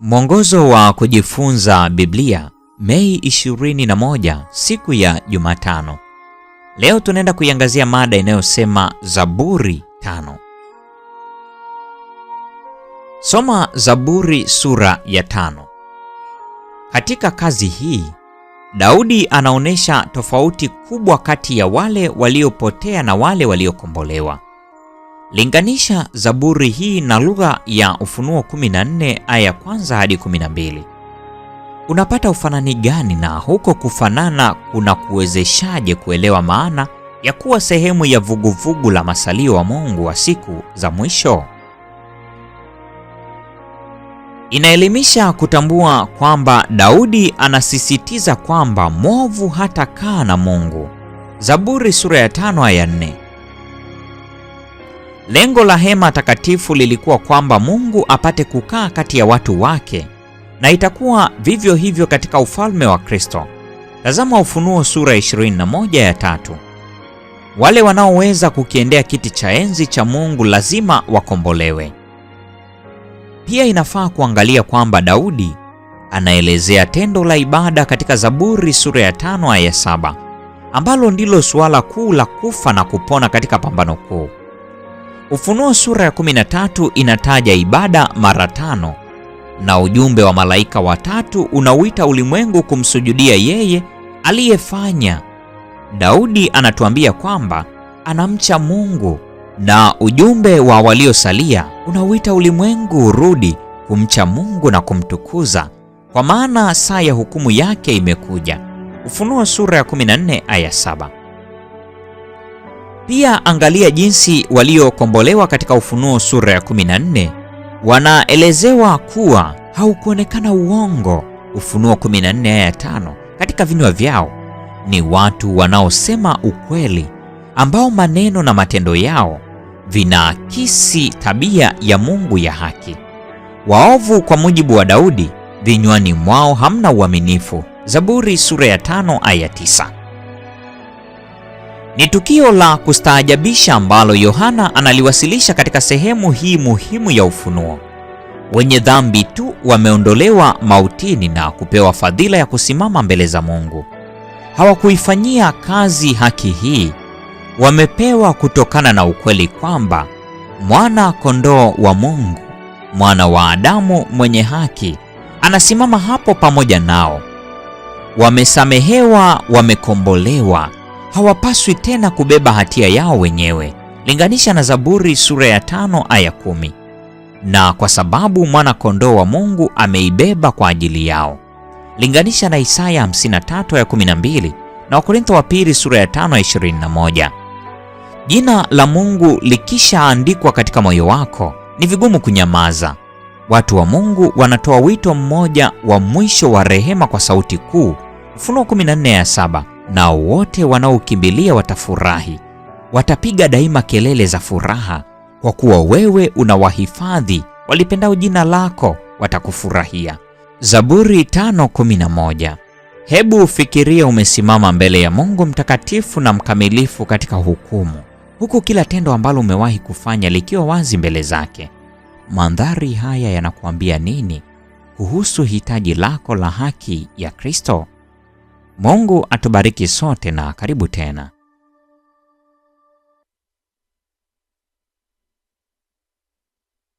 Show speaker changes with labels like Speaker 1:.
Speaker 1: Mwongozo wa kujifunza Biblia, Mei 21, siku ya Jumatano. Leo tunaenda kuiangazia mada inayosema Zaburi tano. Soma Zaburi sura ya tano. Katika kazi hii, Daudi anaonyesha tofauti kubwa kati ya wale waliopotea na wale waliokombolewa. Linganisha Zaburi hii na lugha ya Ufunuo 14 aya kwanza hadi 12. Unapata ufanani gani na huko kufanana kuna kuwezeshaje kuelewa maana ya kuwa sehemu ya vuguvugu vugu la masalio wa Mungu wa siku za mwisho? Inaelimisha kutambua kwamba Daudi anasisitiza kwamba mwovu hatakaa na Mungu. Zaburi sura ya 5 aya 4. Lengo la hema takatifu lilikuwa kwamba Mungu apate kukaa kati ya watu wake, na itakuwa vivyo hivyo katika ufalme wa Kristo. Tazama Ufunuo sura 21 ya tatu. Wale wanaoweza kukiendea kiti cha enzi cha Mungu lazima wakombolewe. Pia inafaa kuangalia kwamba Daudi anaelezea tendo la ibada katika Zaburi sura ya tano aya saba ambalo ndilo suala kuu la kufa na kupona katika pambano kuu. Ufunuo sura ya 13 inataja ibada mara tano na ujumbe wa malaika watatu unauita ulimwengu kumsujudia yeye aliyefanya. Daudi anatuambia kwamba anamcha Mungu na ujumbe wa waliosalia unauita ulimwengu urudi kumcha Mungu na kumtukuza kwa maana saa ya hukumu yake imekuja. Ufunuo sura ya 14 aya 7. Pia angalia jinsi waliokombolewa katika Ufunuo sura ya 14 wanaelezewa kuwa haukuonekana uongo, Ufunuo 14 aya 5, katika vinywa vyao. Ni watu wanaosema ukweli ambao maneno na matendo yao vinaakisi tabia ya Mungu ya haki. Waovu kwa mujibu wa Daudi, vinywani mwao hamna uaminifu, Zaburi sura ya 5 aya 9. Ni tukio la kustaajabisha ambalo Yohana analiwasilisha katika sehemu hii muhimu ya Ufunuo. Wenye dhambi tu wameondolewa mautini na kupewa fadhila ya kusimama mbele za Mungu. Hawakuifanyia kazi haki hii, wamepewa kutokana na ukweli kwamba mwana kondoo wa Mungu, mwana wa Adamu mwenye haki, anasimama hapo pamoja nao. Wamesamehewa, wamekombolewa hawapaswi tena kubeba hatia yao wenyewe. Linganisha na Zaburi sura ya tano aya kumi. Na kwa sababu mwana-kondoo wa Mungu ameibeba kwa ajili yao. Linganisha na Isaya 53 ya 12 na Wakorintho wa pili sura ya 5 ya 21. Jina la Mungu likishaandikwa katika moyo wako ni vigumu kunyamaza. Watu wa Mungu wanatoa wito mmoja wa mwisho wa rehema kwa sauti kuu, Ufunuo 14 ya 7 na wote wanaokimbilia watafurahi, watapiga daima kelele za furaha, kwa kuwa wewe unawahifadhi walipendao jina lako, watakufurahia. Zaburi 5:11. Hebu ufikiria umesimama mbele ya Mungu mtakatifu na mkamilifu katika hukumu, huku kila tendo ambalo umewahi kufanya likiwa wazi mbele zake. Mandhari haya yanakuambia nini kuhusu hitaji lako la haki ya Kristo? Mungu atubariki sote na karibu tena.